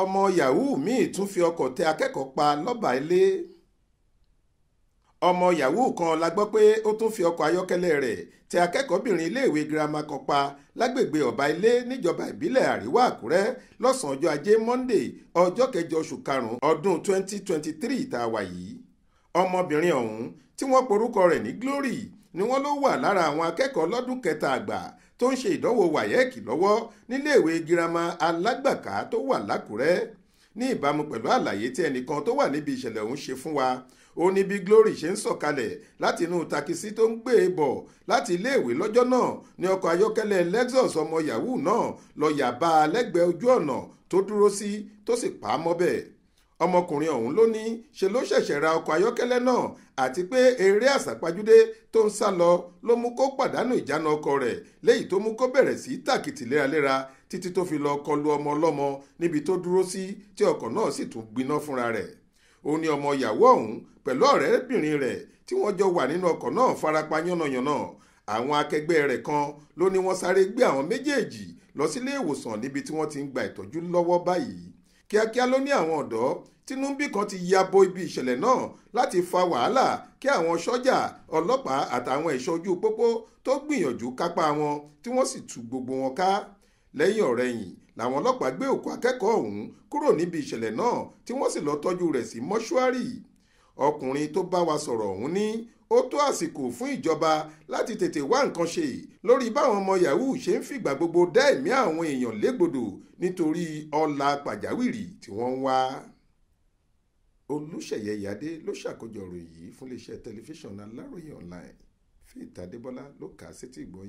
ọmọ yahoo míì tún fi ọkọ̀ tẹ akẹ́kọ̀ọ́ pa lọ́bàá ilé ọmọ yahoo kan la gbọ́ pé ó tún fi ọkọ̀ ayọ́kẹ́lẹ́ rẹ̀ tẹ akẹ́kọ̀ọ́bìnrin iléèwé girama kan pa lágbègbè ọ̀bá ilé níjọba ìbílẹ̀ àríwá àkúrẹ́ lọ́sàn-án ọjọ́ ajé monde ọjọ́ kẹjọ oṣù karùn-ún ọdún 2023 tá a wà yìí ọmọbìnrin ọ̀hún tí wọ́n porúkọ rẹ̀ ní glory ni wọ́n ló wà lára àwọn akẹ́kọ̀ọ́ lọ́dún kẹta àgbà tó ń ṣe ìdánwò wáyẹ́ẹ̀kì e lọ́wọ́ níléèwé girama alágbàká tó wà lákùrẹ́ ní ìbámu pẹ̀lú àlàyé tí ẹnìkan tó wà níbi ìṣẹ̀lẹ̀ ọ̀hún ṣe fún wa ó ní bí Glory ṣe ń sọ̀kalẹ̀ láti inú takisí tó ń gbé e bọ̀ láti iléèwé lọ́jọ́ náà ní ọkọ̀ ayọ́kẹ́lẹ́ Lexus ọmọ yahoo náà lọ́ọ́ yà bá a lẹ́gbẹ̀ẹ́ ojú ọ̀nà tó dúró sí tó sì pa á mọ́bẹ̀ ọmọkùnrin ọ̀hún ló ní ṣe ló ṣẹ̀ṣẹ̀ ra ọkọ̀ ayọ́kẹ́lẹ́ náà àti pé eré àsápajúdé tó ń sá lọ ló mú kó pàdánù ìjánu ọkọ̀ rẹ̀ léyìí tó mú kó bẹ̀rẹ̀ sí tàkìtì léraléra títí tó fi lọ kọlu ọmọ ọlọ́mọ níbi tó dúró sí tí ọkọ̀ náà sì tún gbiná fúnra rẹ̀ ó ní ọmọ ìyàwó ọ̀hún pẹ̀lú ọ̀rẹ́bìnrin rẹ̀ tí wọ́n jọ wà nínú ọkọ̀ náà farapa yánnayànna àwọn akẹgbẹ́ rẹ̀ kan ló ní wọ́n sáré gbé àwọn méjèèjì lọ sílé ìwòsàn níbi tí wọ́n ti ń gba ìtọ́jú lọ́wọ́ báyìí kíákíá ló ní àwọn ọ̀dọ́ tínúbí kan ti ya bo ibi ìṣẹ̀lẹ̀ náà láti fa wàhálà kí àwọn sọ́jà ọlọ́pàá àtàwọn ẹ̀ṣọ́ ojú pópó tó gbìyànjú kápá wọn tí wọ́n sì tú gbogbo wọn ká lẹ́yìn ọ̀rẹ̀yìn làwọn ọlọ́pàá gbé òkú akẹ́kọ̀ọ́ ọ̀hún kúrò níbi ìṣẹ̀lẹ̀ náà tí wọ́n sì lọ́ọ́ tọ́jú rẹ̀ sí mọ́ṣúárì ọkùnrin tó bá wa sọ̀rọ̀ ọ̀hún ní ó tó àsìkò fún ìjọba láti tètè wá nǹkan ṣe lórí báwọn ọmọ yahoo ṣe ń fìgbà gbogbo dá ẹ̀mí àwọn èèyàn légbodò nítorí ọlá pàjáwìrì tí wọ́n ń wá. olùṣeyẹ ìyáde ló ṣàkójọ ọ̀rọ̀ fún iléeṣẹ́ tẹlifíṣàn aláròye online faith adébọlá ló kà á sétí ìgbọ́